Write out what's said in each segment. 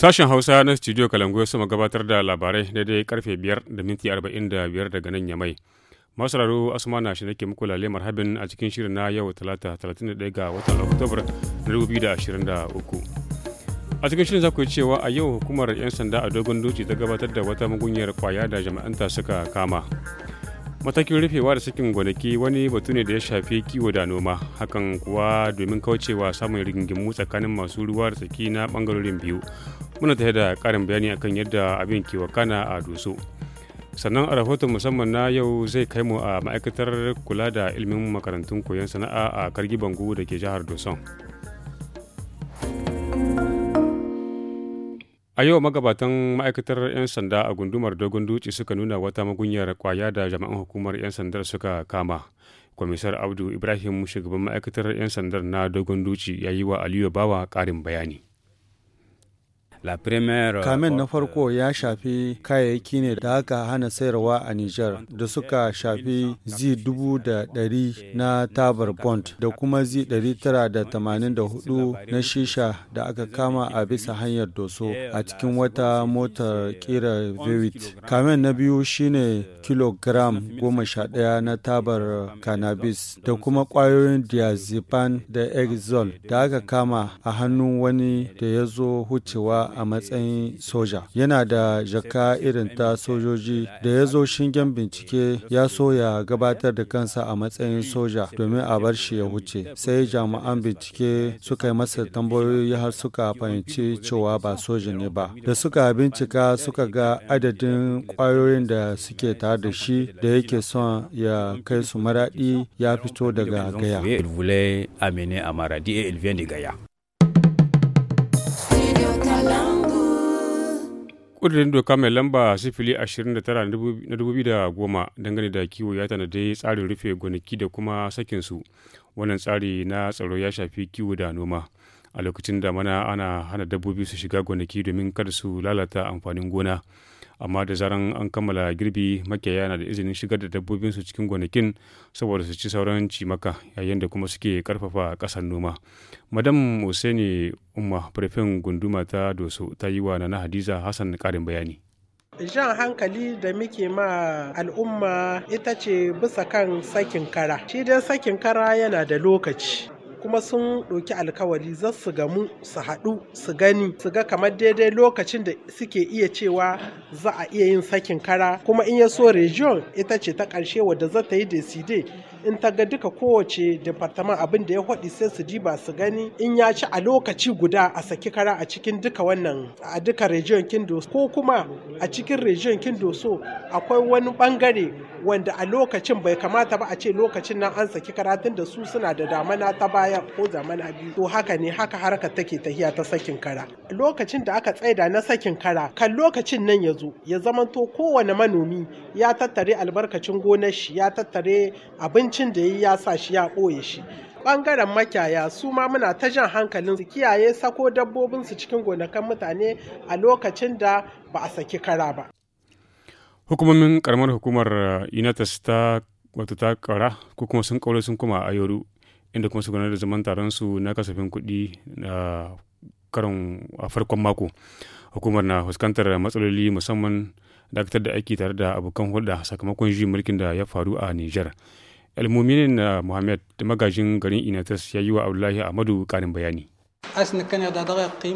Sashen Hausa na Studio Kalangoyo sama gabatar da labarai daidai karfe 5 da minti 45 daga nan Yamai. raro Asmana shi nake muku lale marhabin a cikin shirin na yau Talata 31 ga watan Oktobar 2023. A cikin shirin za ku yi cewa a yau hukumar 'yan sanda a dogon duci ta gabatar da wata mugunyar kwaya da jama'anta suka kama. matakin rufewa da sakin gonaki wani batu ne da ya shafi kiwo da noma hakan kuwa domin kaucewa samun rigingimu tsakanin masu ruwa da tsaki na bangarorin biyu muna tare da karin bayani akan yadda abin kewa kana a doso sannan a rahoton musamman na yau zai kai mu a ma'aikatar kula da ilimin makarantun koyon sana'a a kargi bangu da ke jihar doson a yau magabatan ma'aikatar 'yan sanda a gundumar dogon dutse suka nuna wata magunyar kwaya da jama'an hukumar 'yan sandar suka kama kwamisar abdu ibrahim shugaban ma'aikatar 'yan sandar na dogon dutse ya yi wa aliyu bawa ƙarin bayani Kamen na farko ya shafi kayayyaki ne da aka hana sayarwa a Nijar da suka shafi Z dubu da ɗari na tabar bond da kuma Z ɗari tara da tamanin da hudu na shisha da aka kama a bisa hanyar doso a cikin wata motar kira Vewit. Kamen na biyu shine kilogram goma sha ɗaya na tabar cannabis da kuma ƙwayoyin diazepam da exol da aka kama a hannun wani da ya zo hucewa a matsayin soja yana da jaka irin ta sojoji da ya zo shingen bincike ya so ya gabatar da kansa a matsayin soja domin a bar shi ya wuce sai jami'an bincike suka yi masa tambayoyi har suka fahimci cewa ba soja ne ba da suka bincika suka ga adadin kwayoyin da suke tare da shi da yake son ya kai su maraɗi ya fito daga gaya. ƙudurin doka mai lamba sifili ashirin da tara na dubu da goma dangane da kiwo ya tanadi tsarin rufe gonaki da kuma sakin su wannan tsari na tsaro ya shafi kiwo da noma a lokacin da mana ana hana dabbobi su shiga gonaki domin kada su lalata amfanin gona amma da zaran an kammala girbi makiyaya na da izinin shigar da dabbobin su cikin gonakin saboda su ci sauran cimaka yayin da kuma suke karfafa ƙasar noma madam Hussaini umma firfin gunduma ta doso ta yi wa na hadiza hassan karin bayani jan hankali da muke ma al'umma ita ce bisa kan sakin kara shi dai sakin kara yana da lokaci kuma sun ɗauki alkawari za su gamu su haɗu su gani su ga kamar daidai lokacin da suke iya cewa za a iya yin sakin kara kuma in ya so region ita ce ta ƙarshe wadda za ta yi deside in ta ga duka kowace departament abin da ya haɗi sai su ji ba su gani in ya ci a lokaci guda a saki kara a cikin duka wannan a duka region kindo ko kuma a cikin region kindo so akwai wani bangare wanda a lokacin bai kamata ba a ce lokacin nan an saki karatun da su suna da damana ta baya ko zamana biyu to haka ne haka harka take tahiya ta sakin kara lokacin da aka tsaida na sakin kara kan lokacin nan ya zo ya zamanto kowane manomi ya tattare albarkacin gonar shi ya tattare abin abincin da ya yi ya sa shi ya ɓoye shi ɓangaren makyaya su ma muna ta jan hankalin su kiyaye sako dabbobin su cikin gonakan mutane a lokacin da ba a saki kara ba. Hukumomin karamar hukumar uh, UNITAS ta wato ta kara ko kuma sun kaure sun kuma a yoru inda kuma su gudanar da zaman taron su na kasafin kuɗi na uh, karon a farkon mako. Hukumar na fuskantar matsaloli musamman dakatar da aiki tare da abokan hulɗa sakamakon juyin mulkin da ya faru a Nijar. Almuminin eh, Muhammad magajin garin Inatas ya yi wa Abdullahi Ahmadu karin bayani.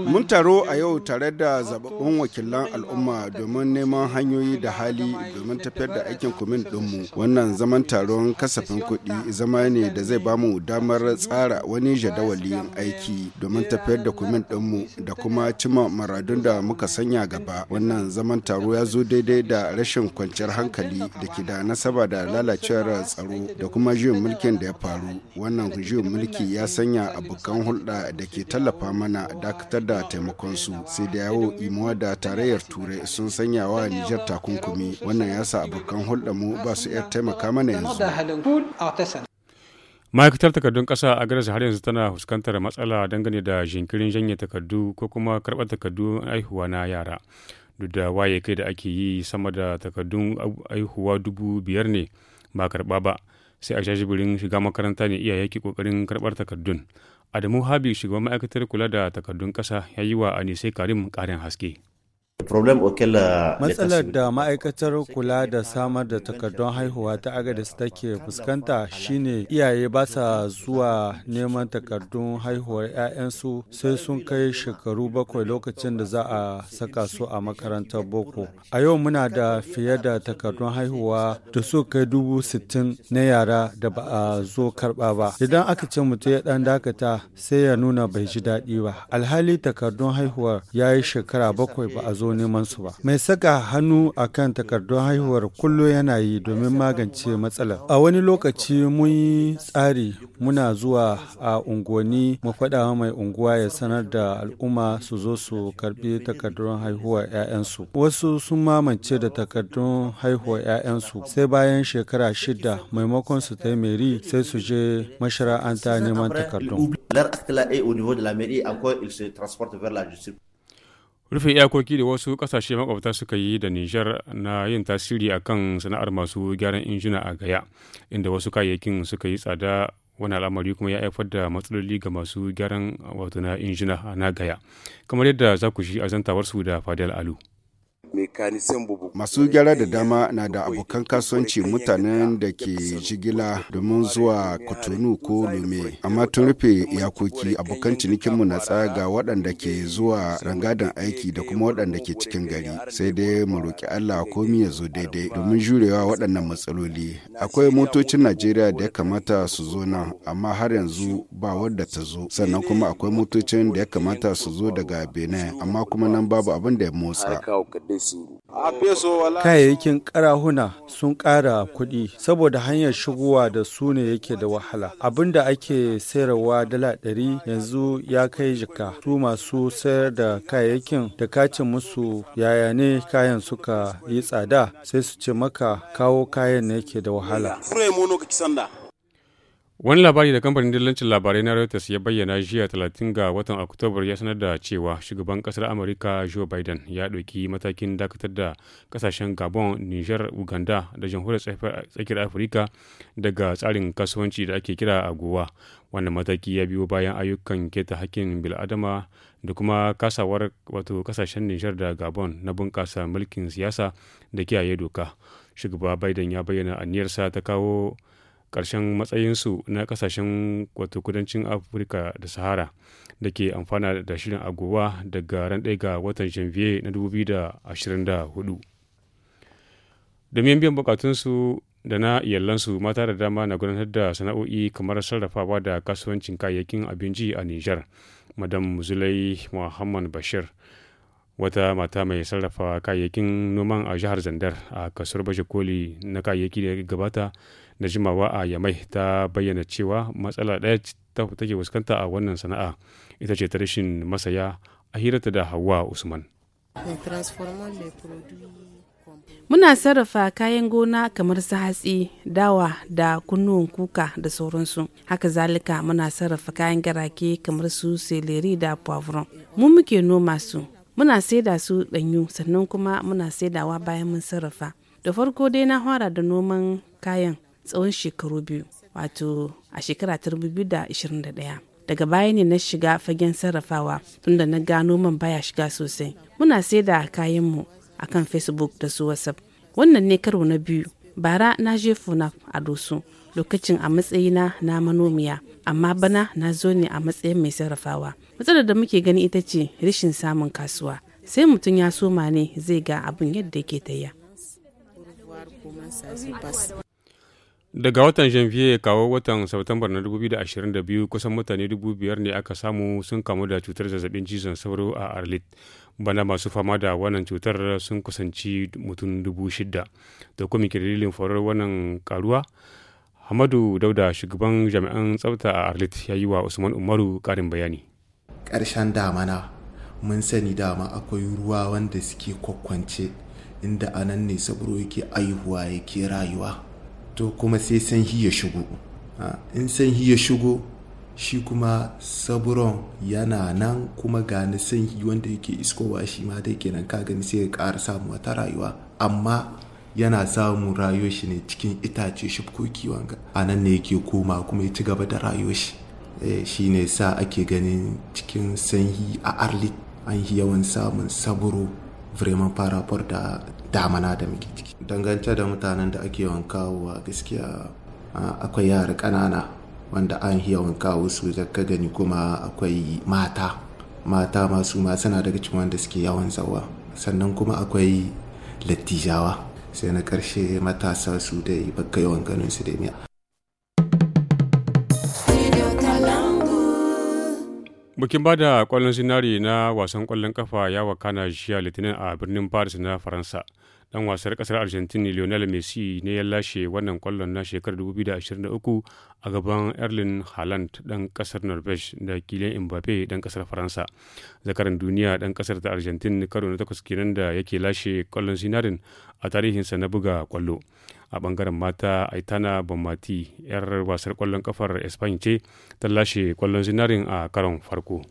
Mun taro a yau tare da zababbun wakilan al'umma domin neman hanyoyi da hali domin tafiyar da aikin kumin ɗinmu. Wannan zaman taron kasafin kuɗi zama ne da zai bamu damar tsara wani jadawalin aiki domin tafiyar da kumin ɗinmu da kuma cima maradun da muka sanya gaba. Wannan zaman taro ya zo daidai da rashin kwanciyar hankali da ke da nasaba da lalacewar tsaro da kuma juyin mulkin da ya faru. Wannan juyin mulki ya sanya abokan hulɗa da ke tallafa mana dakatar da taimakonsu sai da yawo imuwa da tarayyar turai sun sanya wa nijar takunkumi wannan ya sa abokan mu ba su iya taimaka mana yanzu ma'aikatar takardun ƙasa a gadas har yanzu tana fuskantar matsala dangane da jinkirin janye takardu ko kuma karɓar takardun aihuwa na yara duk da waye kai da ake yi sama da takardun aihuwa dubu biyar ne ba karɓa ba sai a jajibirin shiga makaranta ne iyaye ke ƙoƙarin karɓar takardun Adamu habib shugaban ma'aikatar kula da takardun ƙasa ya yi wa Anise Karim ƙarin haske. Matsalar da ma'aikatar kula da samar da takardun haihuwa ta Agadis take fuskanta shine iyaye ba sa zuwa neman takardun haihuwar 'ya'yansu sai sun kai shekaru bakwai lokacin da za a saka su a makarantar boko. A yau muna da fiye da takardun haihuwa da su kai dubu sittin na yara da ba a zo karɓa ba. Idan aka ce mutum ya ɗan dakata sai ya nuna bai ji daɗi ba. Alhali takardun haihuwar ya yi shekara bakwai ba a zo neman su ba. Mai saka hannu a kan takardun haihuwar kullo yana yi domin magance matsalar. A wani lokaci mun yi tsari muna zuwa a unguwanni mu faɗa mai unguwa ya sanar da al'umma su zo su karɓi takardun haihuwar 'ya'yansu. Wasu sun mamance da takardun haihuwar 'ya'yansu sai bayan shekara shida maimakon su ta meri sai su je mashara'anta neman takardun. rufe iyakoki da wasu kasashe makwabta suka yi da nijar na yin tasiri akan sana'ar masu gyaran injina a gaya inda wasu kayayyakin suka yi tsada wani al'amari kuma ya haifar da matsaloli ga masu gyaran wato na injina na gaya kamar yadda za ku shi azantawarsu da fadel alu Masu gyara da dama na da abokan kasuwanci mutanen da ke jigila domin zuwa Kotonu ko Lume. Amma tun rufe iyakoki abokan cinikinmu na tsaga waɗanda ke zuwa rangadan aiki da kuma waɗanda ke cikin gari. Sai dai mu roƙi Allah komi ya zo daidai domin jurewa waɗannan matsaloli. Akwai motocin Najeriya da ya kamata su zo nan amma har yanzu ba wadda ta zo. Sannan kuma akwai motocin da ya kamata su zo daga Benin amma kuma nan babu abin da ya motsa. Kayayyakin karahuna sun ƙara kuɗi saboda hanyar shigowa da su ne yake da wahala. Abin da ake sayarwa dala ɗari yanzu ya kai jika su masu sayar da kayayyakin da kacin musu yaya ne kayan suka yi tsada sai su ce maka kawo kayan ne yake da wahala. Wani labari da kamfanin dillancin labarai na Reuters ya bayyana jiya 30 ga watan Oktobar ya sanar da cewa shugaban kasar Amurka Joe Biden ya ɗauki matakin dakatar da kasashen Gabon, niger Uganda da jamhuriyar tsakiyar Afirka daga tsarin kasuwanci da ake kira agowa. Wannan mataki ya biyo bayan ayyukan keta hakkin bil'adama da kuma kasawar wato kasashen Niger da Gabon na bunƙasa mulkin siyasa da kiyaye doka. Shugaba Biden ya bayyana aniyarsa ta kawo ƙarshen matsayinsu na ƙasashen wato kudancin afirka da sahara da ke amfana da shirin agowa daga ran ɗaya ga watan janvier na 2024 domin biyan bukatunsu da na iyalansu mata da dama na gudanar da sana'o'i kamar sarrafawa da kasuwancin kayayyakin abinci a niger madam zulai muhammad bashir wata mata mai sarrafa kayayyakin noman a jihar zandar a kasuwar baje koli na kayayyaki da gabata na jimawa a yamai ta bayyana cewa matsala ɗaya ta take fuskanta a wannan sana'a ita ce ta rashin masaya a hirarta da hawa usman Muna sarrafa kayan gona kamar su hatsi, dawa da kunnuwan kuka da sauransu. Haka zalika muna sarrafa kayan garake kamar su seleri da pavron Mu muke noma su, muna saida su ɗanyu sannan kuma muna saidawa bayan mun sarrafa da farko dai na fara da noman kayan tsawon shekaru biyu wato a shekara ta 2021 daga baya ne na shiga fagen sarrafawa tunda na gano man baya shiga sosai muna saida kayanmu a kan facebook da su whatsapp wannan ne karo na biyu bara na je na a dosu lokacin a matsayina na manomiya amma bana na zo ne a matsayin mai sarrafawa matsalar da muke gani ita ce rashin samun kasuwa sai mutum ya soma ne zai ga abin yadda yake taya. daga watan janvier kawo watan september na 2022 kusan mutane 5,000 ne aka samu sun kamu da cutar zazzabin cizon sauro a arlit bana masu fama da wannan cutar sun kusanci mutum 6,000 da kuma dalilin farar wannan karuwa Ahmadu Dauda shugaban jami'an tsafta a Arlit ya yi wa Usman Umaru karin bayani. Ƙarshen damana mun sani dama akwai ruwa wanda suke kwakwance inda anan ne saburo yake aihuwa yake rayuwa. To kuma sai sanhi ya shigo. In sanhi ya shigo shi kuma saburon yana nan kuma gani sanhi wanda yake iskowa shi ma dai kenan ka gani sai ya ƙara samu wata rayuwa amma yana samun rayuwar ne cikin itace shifkoki wanga a nan ne yake koma kuma ya ci gaba da rayuwar shi eh, shi ne sa ake ganin cikin sanyi a arlit an yi yawan samun saburo vraiment par da damana da muke ciki dangance da mutanen da ake yawan wa gaskiya akwai yara ƙanana wanda an yi yawan kawo su ka gani kuma akwai mata mata masu ma suna daga cikin wanda suke yawan zawa sannan kuma akwai lattijawa sai na karshe matasa su dai baka yawan ganin su dai Bukin ba da kwallon zinari na wasan kwallon kafa ya wakana jiya litinin a birnin Paris na Faransa. dan wasar kasar argentina lionel messi ne ya lashe wannan kwallon na shekarar 2023 a gaban erling haaland dan kasar norvege da kilian mbappe dan kasar faransa zakaran duniya dan kasar ta argentina karo na takwas kenan da yake lashe kwallon sinarin a tarihinsa na buga kwallo a bangaren mata aitana bamati yar wasar kwallon kafar spain ce ta lashe kwallon zinarin a karon farko.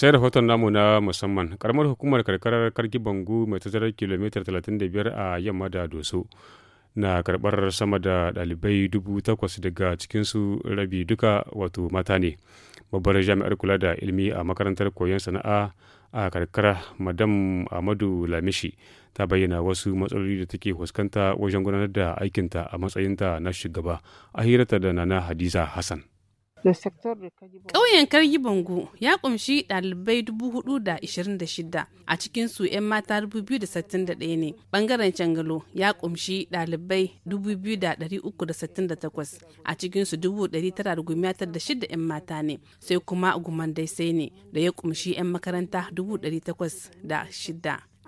sai rahoton namu na musamman karamar hukumar karkarar karki bangu mai tazarar kilomita 35 a yamma da doso na karbar sama da dalibai dubu takwas daga cikinsu rabi duka wato mata ne babbar jami'ar kula da ilimi a makarantar koyon sana'a a karkara madam amadu lamishi ta bayyana wasu matsaloli da take fuskanta wajen gudanar da aikinta a matsayinta na shugaba a hirata da nana hadiza hassan Ƙauyen Karyi Bango ya ƙumshi ɗalibai 426 a cikin su 'yan mata 2,061 ne. Ɓangaren Cangalo ya ƙumshi ɗalibai 2,368 a cikin su 1906 'yan mata ne. Sai kuma Gumandai sai ne da ya ƙumshi 'yan makaranta 806.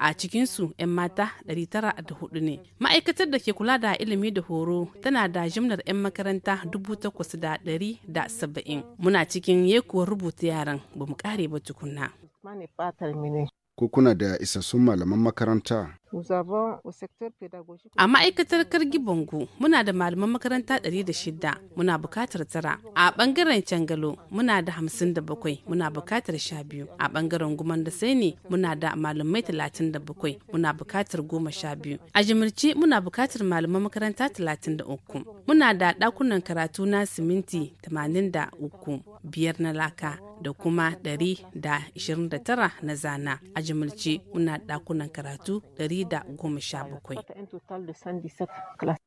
a cikinsu 'yan mata 904 ne ma'aikatar da ke kula da ilimi da horo tana da jimlar 'yan makaranta 8,170 muna cikin yekuwar rubuta yaran ba mu kare ba tukunna ko kuna da isassun malaman makaranta A ma'aikatar Kargi Bongo muna da malaman makaranta 106 muna bukatar tara. A bangaren Cangalo muna da 57 muna bukatar 12. A bangaren Guman da Saini muna da malamai 37 muna bukatar 12. A Jimirci muna bukatar malaman makaranta 33. Muna da dakunan karatu na siminti 83 biyar na laka da kuma 129 na zana. A Jimirci muna dakunan karatu 100 2017.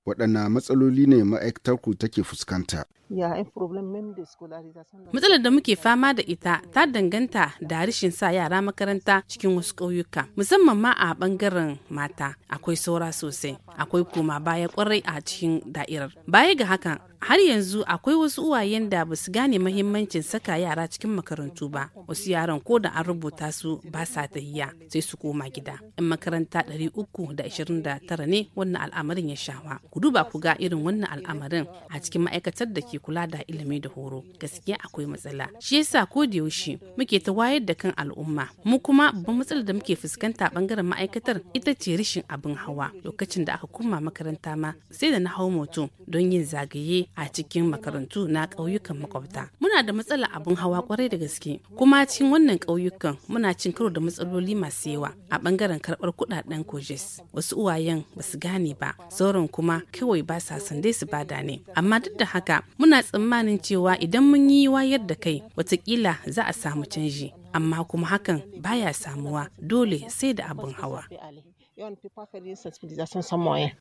Waɗanne matsaloli ne ma'aikatarku take fuskanta? Matsalar da muke fama da ita ta danganta da rashin sa yara makaranta cikin wasu ƙauyuka, musamman ma a ɓangaren mata akwai saura sosai, akwai koma baya kwarai a cikin da'irar. Baya ga hakan, har yanzu akwai wasu uwayen da ba su gane mahimmancin saka yara cikin makarantu ba wasu yaran ko da an rubuta su ba sa tahiya sai su koma gida in makaranta 329 ne wannan al'amarin ya shawa ku duba ku ga irin wannan al'amarin a cikin ma'aikatar da ke kula da ilimi da horo gaskiya akwai matsala shi yasa ko da yaushe muke ta wayar da kan al'umma mu kuma babban matsalar da muke fuskanta bangaren ma'aikatar ita ce rashin abin hawa lokacin da aka koma makaranta ma sai da na hau moto don yin zagaye a cikin makarantu na ƙauyukan makwabta muna da matsala abin hawa kwarai da gaske kuma cikin wannan ƙauyukan muna cin karo da matsaloli masu yawa a ɓangaren karɓar kuɗaɗen kojes wasu uwayen ba su gane ba sauran kuma kawai ba sa son dai su bada ne amma duk da haka muna tsammanin cewa idan mun yi wayar da kai watakila za a samu canji amma kuma hakan baya samuwa dole sai da abin hawa. yawan samuwa yin.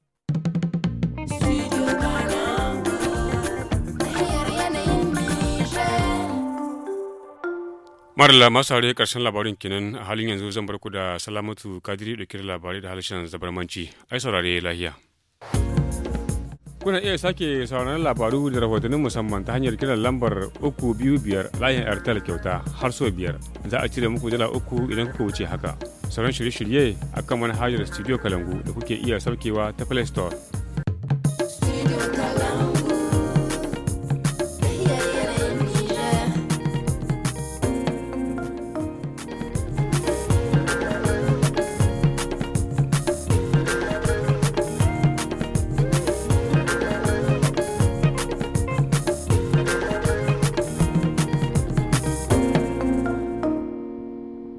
marala masu aure karshen labarin kinan a halin yanzu zan barku da salamatu kadiri dauke da labarai da harshen zabarmanci ai saurare lahiya kuna iya sake sauraron labaru da rahotannin musamman ta hanyar kiran lambar 325 layin airtel kyauta har so biyar za a cire muku dala uku idan kuka wuce haka sauran shirye-shirye a kan manhajar studio kalangu da kuke iya saukewa ta play store